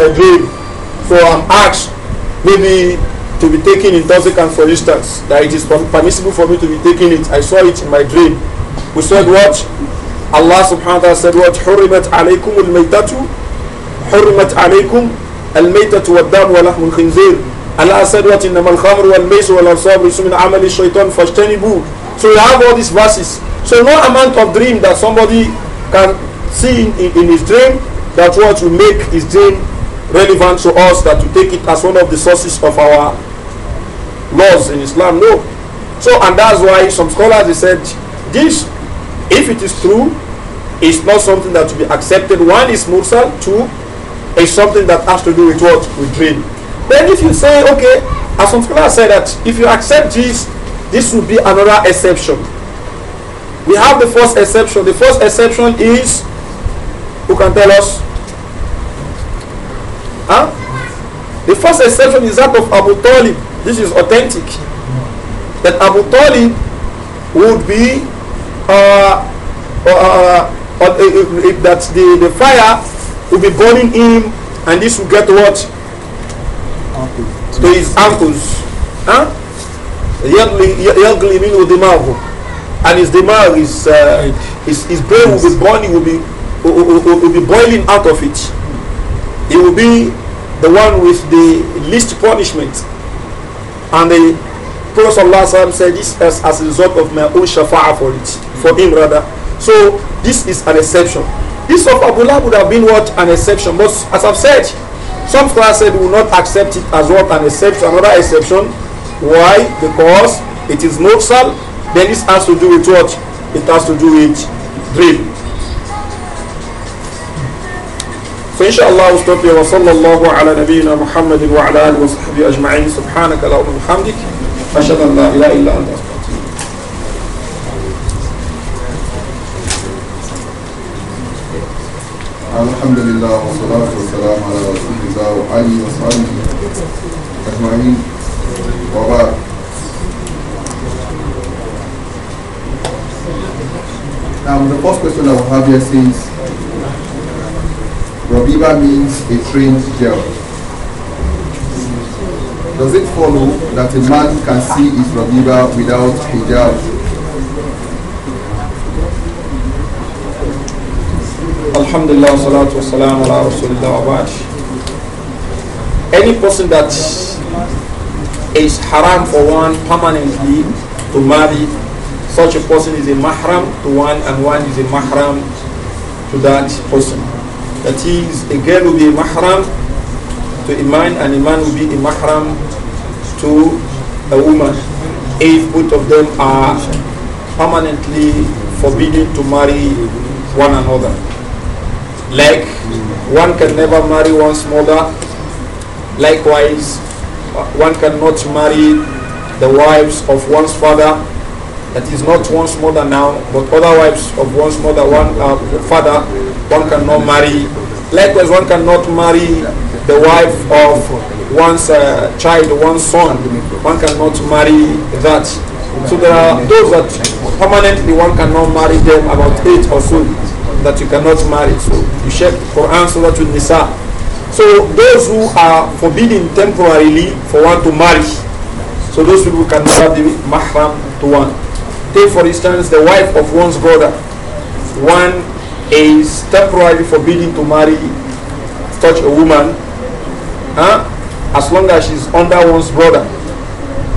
a dream. So I'm asked maybe to be taking intoxicant for instance, that it is permissible for me to be taking it. I saw it in my dream. We said what? Allah subhanahu wa ta'ala said what? حُرِّمَتْ عَلَيْكُمُ الْمَيْتَةُ حُرِّمَتْ عَلَيْكُمْ الْمَيْتَةُ وَالدَّمُ وَلَحْمُ الْخِنْزِيرِ Allah said what? إِنَّمَا الْخَمْرُ وَالْمَيْسُ وَالْأَنْصَابُ رِسُمْ مِنْ عَمَلِ الشَّيْطَانِ فَاجْتَنِبُوا So we have all these verses. So no amount of dream that somebody can see in, in, in his dream that what will make his dream relevant to us that we take it as one of the sources of our laws in Islam. No. So, and that's why some scholars they said this, if it is true, is not something that to be accepted. One is mursal, two is something that has to do with what? With dream. Then if you say, okay, as some scholars say that if you accept this, this will be another exception. We have the first exception. The first exception is, who can tell us? Huh? The first exception is that of Abu Talib. This is authentic. That Abu Talib would be uh, uh, uh, uh, uh that the, the fire will be burning him and this will get what? To his ankles. Huh? Yagli minu dimahu. And his Demar is, uh, his, his brain will be burning, will be, will, will, will be boiling out of it he will be the one with the least punishment. And the Prophet Allah said this as, as a result of my own shafa'ah for it, for him rather. So this is an exception. This of Abu would have been what an exception, but as I've said, some scholars said we will not accept it as what an exception, another exception. Why? Because it is mursal. Then this has to do with what? It has to do with drill. فإن شاء الله أستوفي وصلى الله على نبينا محمد وعلى آله وصحبه أجمعين سبحانك اللهم وبحمدك أشهد أن لا إله إلا أنت أستغفرك الحمد لله والصلاة والسلام على رسول الله وعلي وصحبه أجمعين وبعد Now the first question I will have here says Rabiba means a trained girl. Does it follow that a man can see his Rabiba without hijab? Alhamdulillah, salatu wassalam ala rasulillah Any person that is haram for one permanently to marry, such a person is a mahram to one and one is a mahram to that person. That is, a girl will be a mahram to a man and a man will be a mahram to a woman if both of them are permanently forbidden to marry one another. Like one can never marry one's mother, likewise one cannot marry the wives of one's father that is not one's mother now, but other wives of one's mother, one uh, father, one cannot marry. Likewise, one cannot marry the wife of one's uh, child, one's son. One cannot marry that. So there are those that permanently one cannot marry them, about eight or so, that you cannot marry. So you check answer what to Nisa. So those who are forbidden temporarily for one to marry, so those people can never be mahram to one. Take for instance the wife of one's brother. One is temporarily forbidden to marry such a woman huh? as long as she's under one's brother.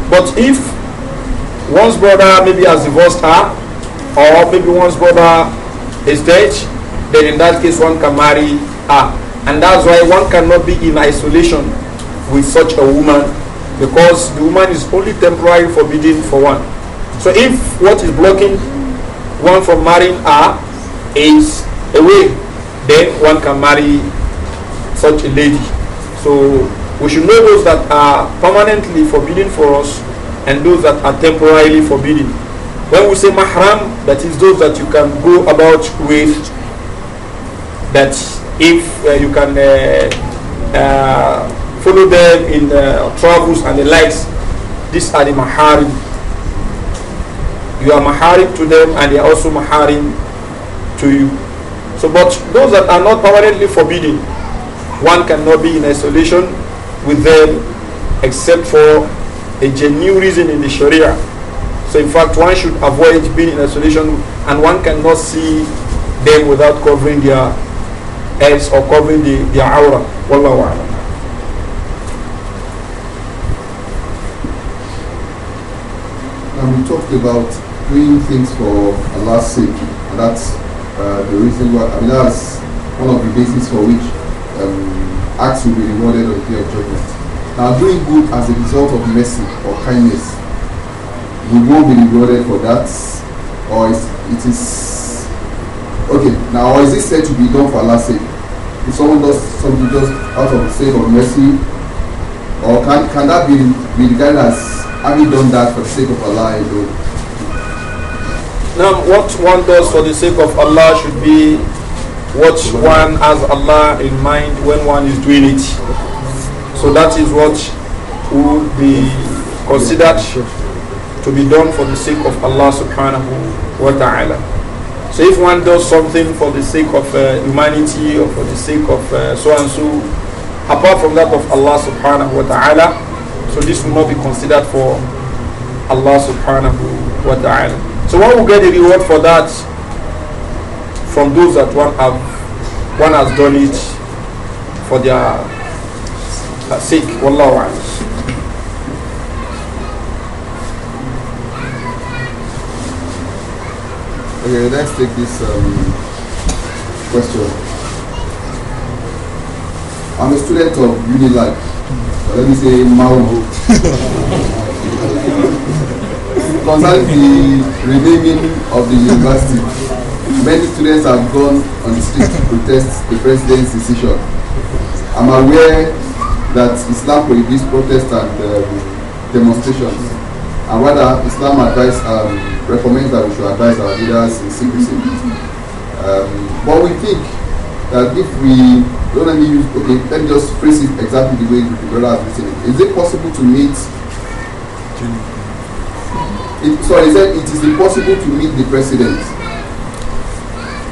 But if one's brother maybe has divorced her or maybe one's brother is dead, then in that case one can marry her. And that's why one cannot be in isolation with such a woman because the woman is only temporarily forbidden for one. So if what is blocking one from marrying her is a way, then one can marry such a lady. So we should know those that are permanently forbidden for us and those that are temporarily forbidden. When we say mahram, that is those that you can go about with, that if uh, you can uh, uh, follow them in uh, travels and the likes, these are the maharim. You are maharim to them and they are also maharim to you. So, but those that are not permanently forbidden, one cannot be in isolation with them except for a genuine reason in the Sharia. So, in fact, one should avoid being in isolation and one cannot see them without covering their heads or covering the, their aura. Wallahu a'lam. And we talked about doing things for Allah's sake. And that's uh, the reason why, I mean, that's one of the bases for which um, acts will be rewarded on the day of judgment. Now, doing good as a result of mercy or kindness, you won't be rewarded for that, or it is okay. Now, or is it said to be done for Allah's sake? If someone does something just out of the sake of mercy, or can, can that be, be regarded as having done that for the sake of Allah alone? Now, what one does for the sake of Allah should be what one has Allah in mind when one is doing it. So that is what would be considered to be done for the sake of Allah subhanahu wa ta'ala. So if one does something for the sake of uh, humanity or for the sake of uh, so and so, apart from that of Allah subhanahu wa ta'ala, so this will not be considered for Allah subhanahu wa ta'ala. So one will get the reward for that from those that one have one has done it for their uh, sake. Wallahu a'lam. Okay, let's take this um, question. I'm a student of Unilag. Let me say Mauro. Concerning the renaming of the university, many students have gone on the street to protest the president's decision. I'm aware that Islam prohibits protests and um, demonstrations, and rather Islam advises um, recommends that we should advise our leaders in secrecy. Um, but we think that if we don't let me use okay, let me just phrase it exactly the way the brother has written it. Is it possible to meet it, so he said it is impossible to meet the president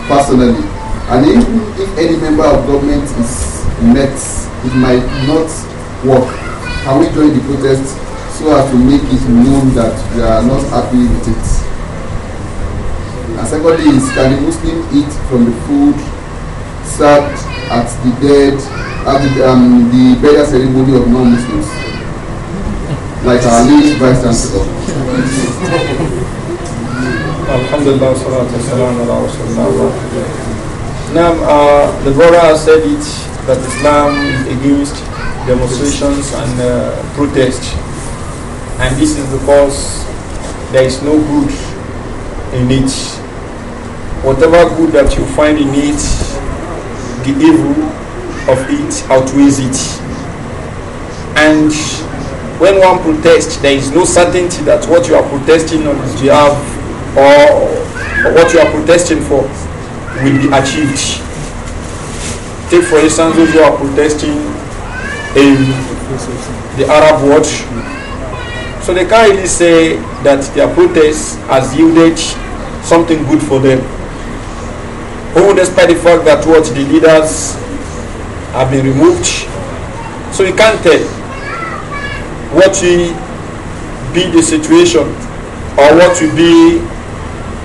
personally. And even if any member of government is met, it might not work. Can we join the protest so as to make it known that we are not happy with it? And secondly is can a Muslim eat from the food served at the dead at the, um, the burial ceremony of non-Muslims? like our lead Vice Chancellor. Alhamdulillah, salatu salam ala Now, uh, the brother has said it that Islam is against demonstrations and uh, protest. And this is because there is no good in it. Whatever good that you find in it, the evil of it outweighs it. And when one protests, there is no certainty that what you are protesting on his behalf or, or what you are protesting for will be achieved. Take for instance those who are protesting in the Arab world. So they can't really say that their protest has yielded something good for them. Even despite the fact that what the leaders have been removed. So you can't tell. what will be the situation or what will be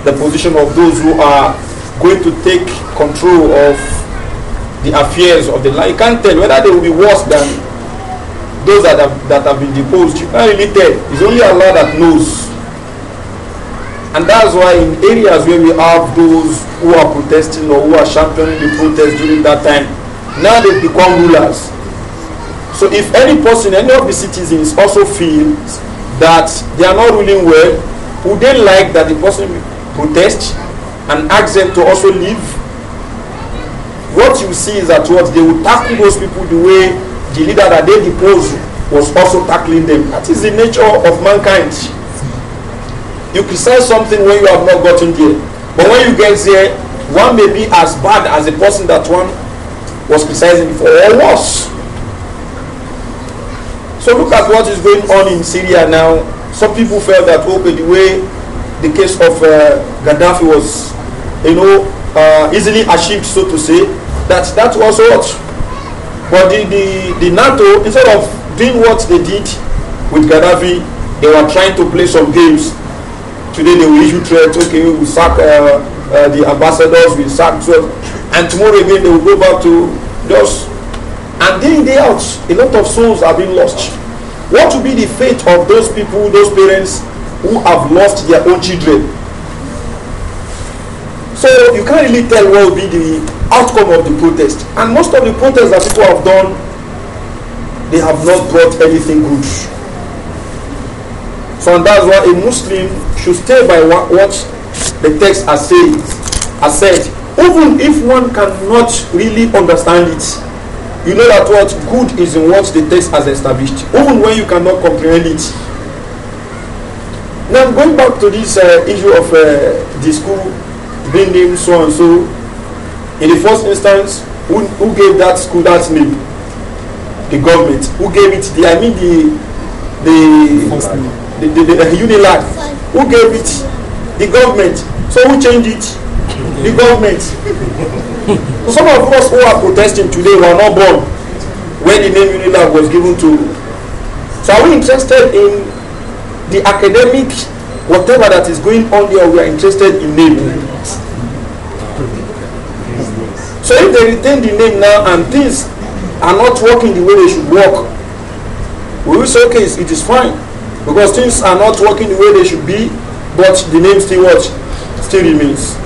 the position of those who are going to take control of the affairs of the land. You can't tell whether they will be worse than those that have, that have been deposed. You can't really tell. It's only Allah that knows. And that's why in areas where we have those who are protesting or who are championing the protest during that time, now they become rulers. So if any person, any of the citizens also feels that they are not ruling well, would they like that the person protest and ask them to also leave? What you see is that what they will tackle those people the way the leader that they deposed was also tackling them. That is the nature of mankind. You criticize something when you have not gotten there. But when you get there, one may be as bad as the person that one was criticizing before, or worse. So look at what is going on in Syria now. Some people felt that, okay, the way the case of uh, Gaddafi was, you know, uh, easily achieved, so to say, that that was what. But the, the, the NATO, instead of doing what they did with Gaddafi, they were trying to play some games. Today they will issue threats, okay, we will sack uh, uh, the ambassadors, we will sack 12. And tomorrow again they will go back to just And day in, day out, a lot of souls have been lost. What will be the fate of those people, those parents who have lost their own children? So you can't really tell what will be the outcome of the protest. And most of the protests that people have done, they have not brought anything good. So and that's why a Muslim should stay by what, what the text has said, has said. Even if one cannot really understand it, you know that what good is in what the text has established, even when you cannot comprehend it. Now, going back to this uh, issue of uh, the school being named so and so, in the first instance, who, who gave that school that name? The government. Who gave it? The, I mean, the the the, the, the, the UNILAG. Who gave it? The government. So who changed it? the government. Some of us who are protesting today were not born when the name Unilab was given to. So are we interested in the academic, whatever that is going on there, we are interested in name. So if they retain the name now and things are not working the way they should work, we will say, okay, it is fine. Because things are not working the way they should be, but the name still what? Still remains.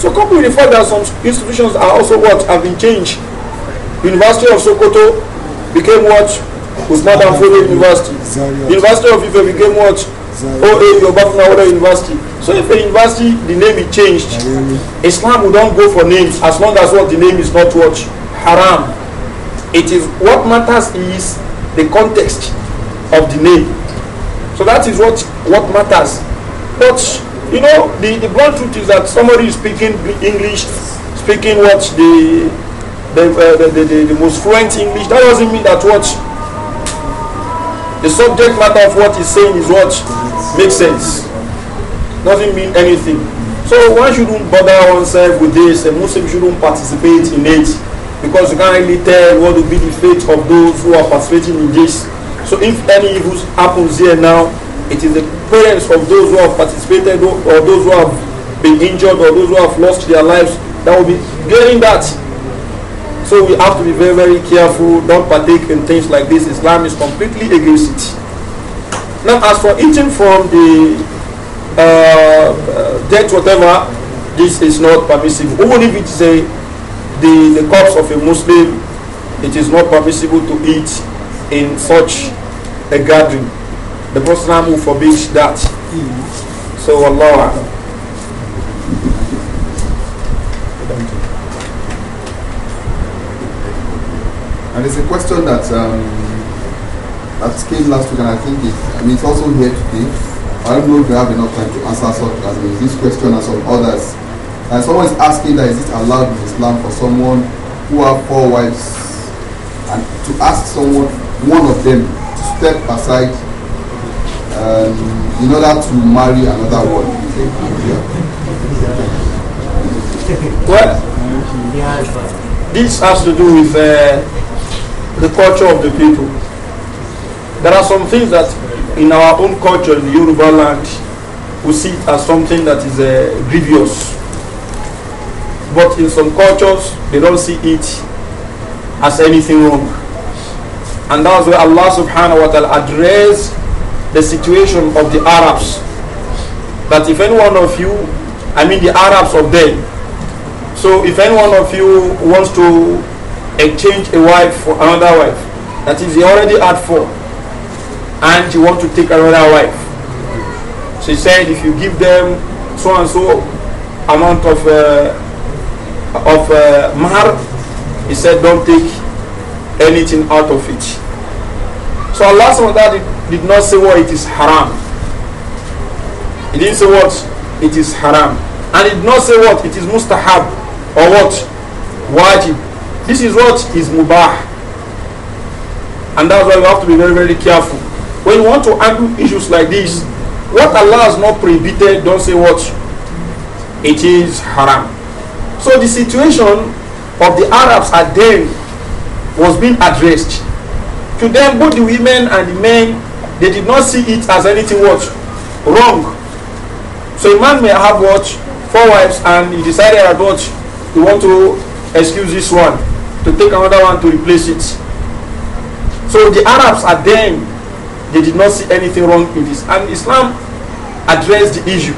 So coupled with the fact that some institutions are also what have been changed. University of Sokoto became what? Usman Danfodio University. University of Ife became what? OA Yobafunawada University. So if a university, the name is changed, Islam will not go for names as long as what the name is not what? Haram. It is what matters is the context of the name. So that is what what matters. But You know, the, the blunt truth is that somebody is speaking English, speaking what the the, uh, the, the, the, the most fluent English. That doesn't mean that what the subject matter of what he's saying is what makes sense. Doesn't mean anything. So one shouldn't bother oneself with this. A Muslim shouldn't participate in it because you can't really tell what will be the fate of those who are participating in this. So if any evil happens here now, it is the parents of those who have participated or those who have been injured or those who have lost their lives that will be gaining that. So we have to be very, very careful, don't partake in things like this. Islam is completely against it. Now, as for eating from the uh, uh dead whatever, this is not permissible. Even if it's a, the, the corpse of a Muslim, it is not permissible to eat in such a gathering the Prophet will forbid that. So Allah. And it's a question that um, that came last week, and I think it, I mean, it's also here today. I don't know if we have enough time to answer such as I mean, this question and some others. And someone is asking that is it allowed in Islam for someone who have four wives and to ask someone, one of them, to step aside um, in order to marry another woman. Yeah. Well, this has to do with uh, the culture of the people. There are some things that in our own culture in Yoruba land we see it as something that is uh, grievous. But in some cultures they don't see it as anything wrong. And that's where Allah subhanahu wa ta'ala addressed the situation of the Arabs. That if any one of you, I mean the Arabs of them, so if any one of you wants to exchange a wife for another wife, that is, he already had four, and you want to take another wife. She said, if you give them so and so amount of uh, of uh, mahar, he said, don't take anything out of it. So Allah SWT did not say what it is haram. He didn't say what it is haram. And he did not say what it is mustahab or what wajib. This is what is mubah. And that's why we have to be very, very careful. When you want to argue issues like this, what Allah has not prohibited, don't say what it is haram. So the situation of the Arabs at then was being addressed. To them, both the women and the men they did not see it as anything what? Wrong. So a man may have what? Four wives and he decided that what? He want to excuse this one. To take another one to replace it. So the Arabs at then, they did not see anything wrong in this. And Islam addressed the issue.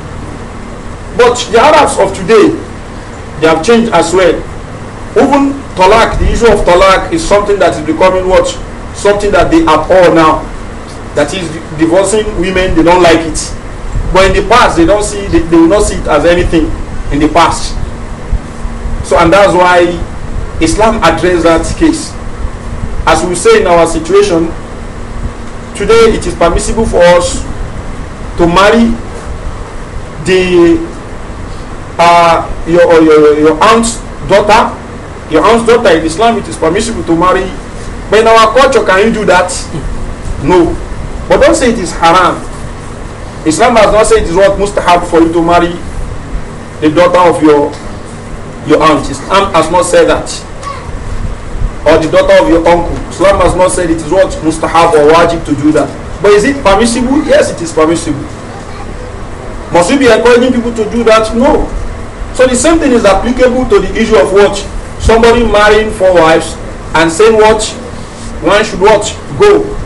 But the Arabs of today, they have changed as well. Even talak, the issue of talak is something that is becoming what? Something that they abhor now. That is divorcing women, they don't like it. But in the past, they don't see they, they will not see it as anything in the past. So and that's why Islam addressed that case. As we say in our situation, today it is permissible for us to marry the uh, your, your, your aunt's daughter your aunt's daughter in Islam, it is permissible to marry. But in our culture, can you do that? No. But don't say it is haram. Islam has not said it is what mustahab for you to marry the daughter of your your aunt. Islam has not said that. Or the daughter of your uncle. Islam has not said it is what mustahab or wajib to do that. But is it permissible? Yes, it is permissible. Must we be encouraging people to do that? No. So the same thing is applicable to the issue of what? Somebody marrying four wives and saying what? One should what? Go.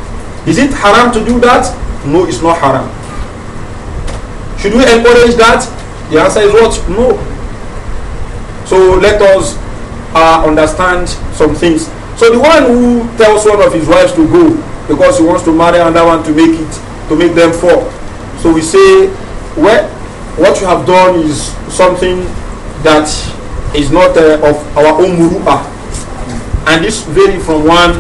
Is it haram to do that? No, it's not haram. Should we encourage that? The answer is what? No. So let us uh, understand some things. So the one who tells one of his wives to go because he wants to marry another one to make it to make them fall. So we say, well, what you have done is something that is not uh, of our own muruba, And this vary from one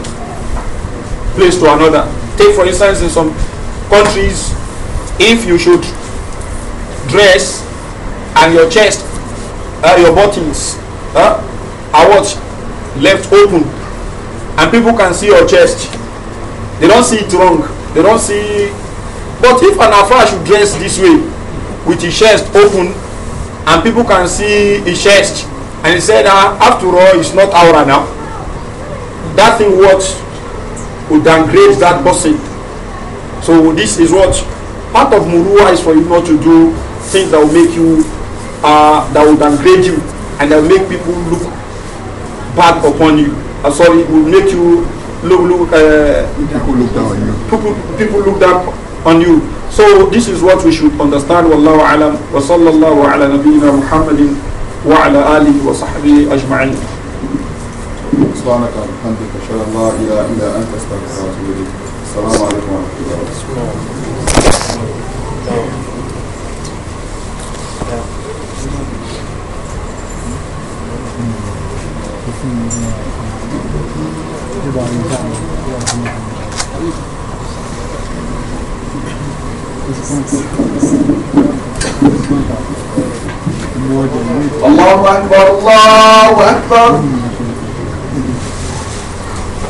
place to another. Take for instance in some countries, if you should dress and your chest, uh, your buttons uh, are what left open, and people can see your chest. They don't see it wrong. They don't see. But if an Afar should dress this way, with his chest open, and people can see his chest, and he said, ah, after all, it's not aura now. That thing works will downgrade that person. So this is what part of Murua is for you not to do things that will make you uh, that will downgrade you and that will make people look bad upon you. I'm uh, sorry, it will make you look look uh, people look down on you. People, people look down on you. So this is what we should understand. Wallahu alam wa sallallahu ala nabiyyina Muhammadin wa ala alihi wa sahbihi ajma'in. سبحانك اللهم وبحمدك اشهد ان لا اله الا انت استغفرك واتوب اليك السلام عليكم ورحمه الله وبركاته اللهم اكبر الله اكبر